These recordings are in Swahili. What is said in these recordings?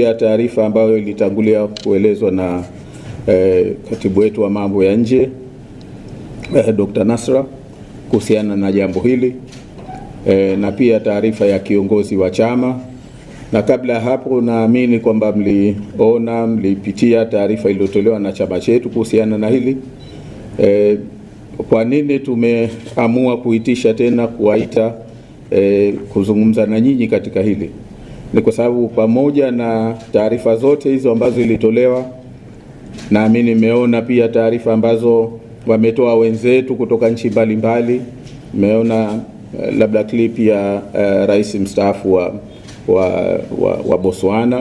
ya taarifa ambayo ilitangulia kuelezwa na eh, katibu wetu wa mambo ya nje eh, Dr. Nasra kuhusiana na jambo hili eh, na pia taarifa ya kiongozi wa chama, na kabla ya hapo, naamini kwamba mliona, mlipitia taarifa iliyotolewa na chama chetu kuhusiana na hili eh, kwa nini tumeamua kuitisha tena kuwaita eh, kuzungumza na nyinyi katika hili ni kwa sababu pamoja na taarifa zote hizo ambazo ilitolewa, naamini nimeona pia taarifa ambazo wametoa wenzetu kutoka nchi mbalimbali. mbali, eh, labda klip ya uh, rais mstaafu wa, wa, wa, wa Botswana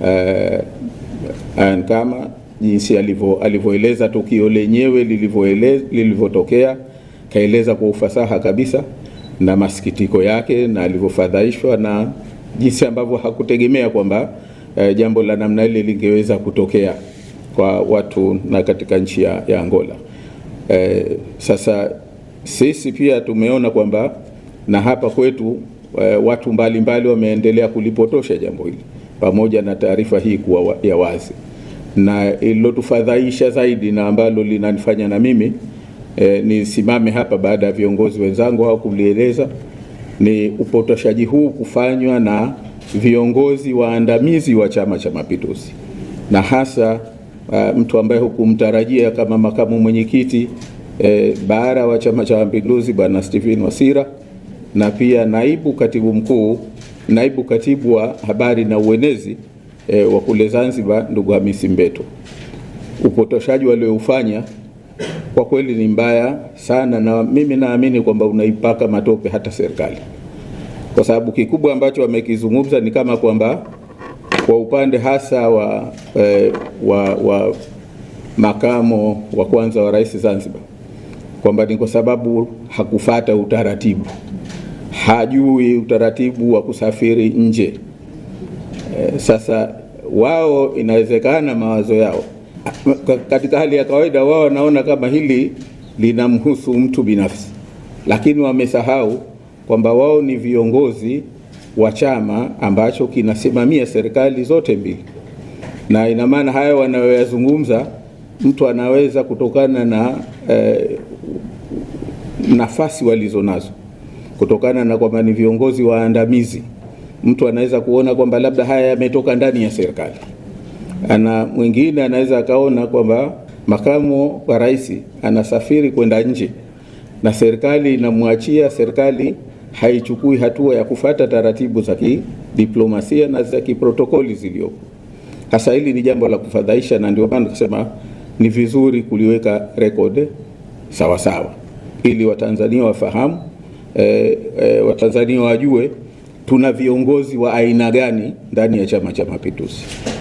uh, kama jinsi alivyoeleza tukio lenyewe lilivyotokea, kaeleza kwa ufasaha kabisa na masikitiko yake na alivyofadhaishwa na jinsi ambavyo hakutegemea kwamba eh, jambo la namna ile lingeweza kutokea kwa watu na katika nchi ya, ya Angola. Eh, sasa sisi pia tumeona kwamba na hapa kwetu eh, watu mbalimbali wameendelea kulipotosha jambo hili pamoja na taarifa hii kuwa ya wazi na ililotufadhaisha zaidi na ambalo linanifanya na mimi eh, nisimame hapa baada ya viongozi wenzangu hao kulieleza ni upotoshaji huu kufanywa na viongozi waandamizi wa Chama cha Mapinduzi na hasa uh, mtu ambaye hukumtarajia kama makamu mwenyekiti eh, bara wa Chama cha Mapinduzi Bwana Stephen Wasira na pia naibu katibu mkuu, naibu katibu wa habari na uenezi eh, wa kule Zanzibar ndugu Hamisi Mbeto. Upotoshaji walioufanya kwa kweli ni mbaya sana, na mimi naamini kwamba unaipaka matope hata serikali, kwa sababu kikubwa ambacho wamekizungumza ni kama kwamba kwa upande hasa wa, eh, wa, wa makamo wa kwanza wa rais Zanzibar kwamba ni kwa sababu hakufata utaratibu, hajui utaratibu wa kusafiri nje. Eh, sasa wao inawezekana mawazo yao katika hali ya kawaida wao wanaona kama hili linamhusu mtu binafsi, lakini wamesahau kwamba wao ni viongozi wa chama ambacho kinasimamia serikali zote mbili, na ina maana haya wanayoyazungumza mtu anaweza kutokana na eh, nafasi walizonazo, kutokana na kwamba ni viongozi waandamizi, mtu anaweza kuona kwamba labda haya yametoka ndani ya serikali. Ana mwingine anaweza akaona kwamba makamu wa rais anasafiri kwenda nje na serikali inamwachia, serikali haichukui hatua ya kufata taratibu za kidiplomasia na za kiprotokoli zilizopo. Hasa hili ni jambo la kufadhaisha, na ndio maana tunasema ni vizuri kuliweka rekodi sawa sawa, ili Watanzania wafahamu, e, e, Watanzania wajue tuna viongozi wa aina gani ndani ya Chama cha Mapinduzi.